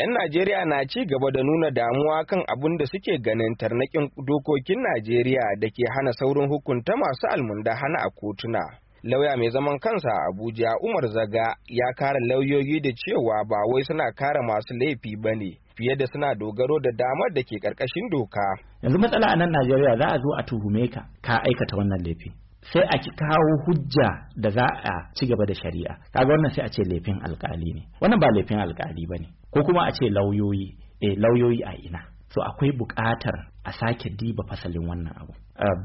'Yan Najeriya na ci gaba da nuna damuwa kan abin da suke ganin tarnakin dokokin Najeriya da ke hana saurin hukunta masu almunda hana a kotuna. Lauya mai zaman kansa a Abuja Umar Zaga ya kara lauyoyi da cewa ba wai suna kara masu laifi ba ne, fiye da suna dogaro da damar da ke ƙarƙashin doka. Yanzu matsala a nan Najeriya za a zo a tuhume ka ka aikata wannan laifi. sai a kawo hujja da za a ci gaba da shari'a kaga wannan sai a ce laifin alkali ne wannan ba laifin alkali ba ne ko kuma a ce lauyoyi eh lauyoyi a ina so akwai buƙatar a sake diba fasalin wannan abu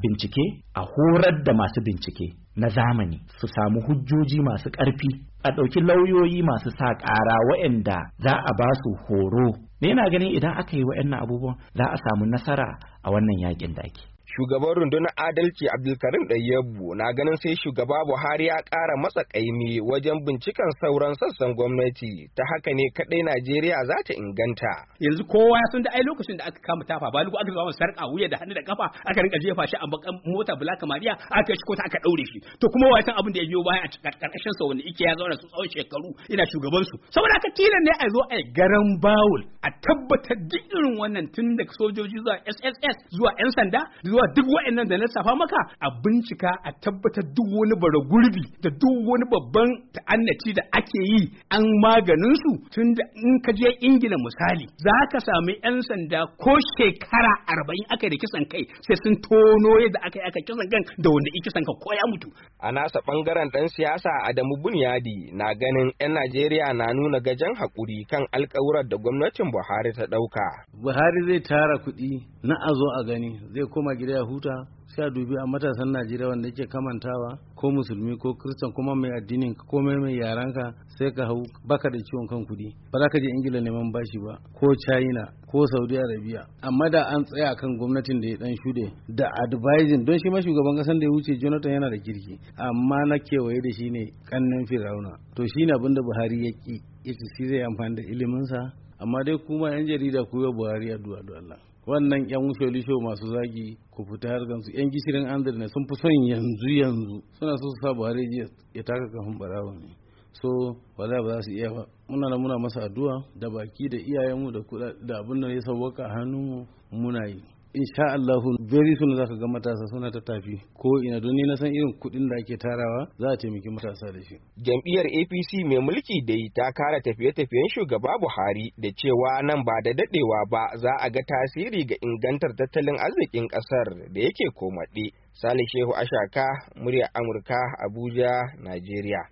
bincike a horar da masu bincike na zamani su samu hujjoji masu ƙarfi a ɗauki lauyoyi masu sa ƙara waɗanda za a ba su horo ne na ganin idan aka yi waɗannan abubuwan za a samu nasara a wannan yakin da ake shugaban rundunar adalci abdulkarim ɗayyabu na ganin sai shugaba buhari ya ƙara matsa ƙaimi wajen binciken sauran sassan gwamnati ta haka ne kaɗai najeriya za ta inganta yanzu kowa ya san da ai lokacin da aka kama tafa balugu aka zama sarƙa wuya da hannu da kafa aka rinka jefa shi a bakan mota bulaka mariya aka shi kota aka ɗaure shi to kuma wa san abin da ya biyo baya a ƙarƙashin sa wanda ike ya zauna su tsawon shekaru ina shugaban su saboda aka tilan ne a zo a garan bawul a tabbatar duk irin wannan tun daga sojoji zuwa sss zuwa 'yan sanda cewa duk wa'annan da na safa maka a bincika a tabbatar duk wani bara gurbi da duk wani babban ta'annaci da ake yi an maganin su tun da in ka je ingila misali za ka sami yan sanda ko shekara arba'in aka da kisan kai sai sun tono yadda aka yi aka kisan kan da wanda kisan ka ko ya mutu. a nasa bangaren dan siyasa adamu bunyadi na ganin yan najeriya na nuna gajen hakuri kan alkawuran da gwamnatin buhari ta ɗauka. buhari zai tara kuɗi na a a gani zai koma gida najeriya huta sai a dubi a matasan najeriya wanda yake kamantawa ko musulmi ko kristan kuma mai addinin ko mai mai yaranka sai ka hau baka da ciwon kan kudi ba za ka je ingila neman bashi ba ko china ko saudi arabia amma da an tsaya kan gwamnatin da ya dan shude da advising don shi ma shugaban kasan da ya wuce jonathan yana da kirki amma na kewaye da shi ne kannan firauna to shine abin da buhari ya ki yake shi zai amfani da iliminsa amma dai kuma yan jarida ku yi buhari addu'a da Allah wannan yan sholisho masu zagi ku fita har gansu yan gishirin andar ne sun fi son yanzu yanzu suna so su sa buhari ya taka kafin barawa ne so wala ba za su iya ba muna da muna masa addu'a da baki da iyayenmu da abin da ya sauwaka hannu muna yi insha Allah very soon zaka ga matasa suna ta tafi ko ina don ni na san irin kuɗin da ake tarawa za a taimaki matasa da shi jam'iyyar APC mai mulki dai ta kara tafiye-tafiyen shugaba Buhari da cewa nan ba da dadewa ba za a ga tasiri ga ingantar tattalin arzikin ƙasar da yake komaɗe Salih Shehu Ashaka, murya Amurka, Abuja, Najeriya.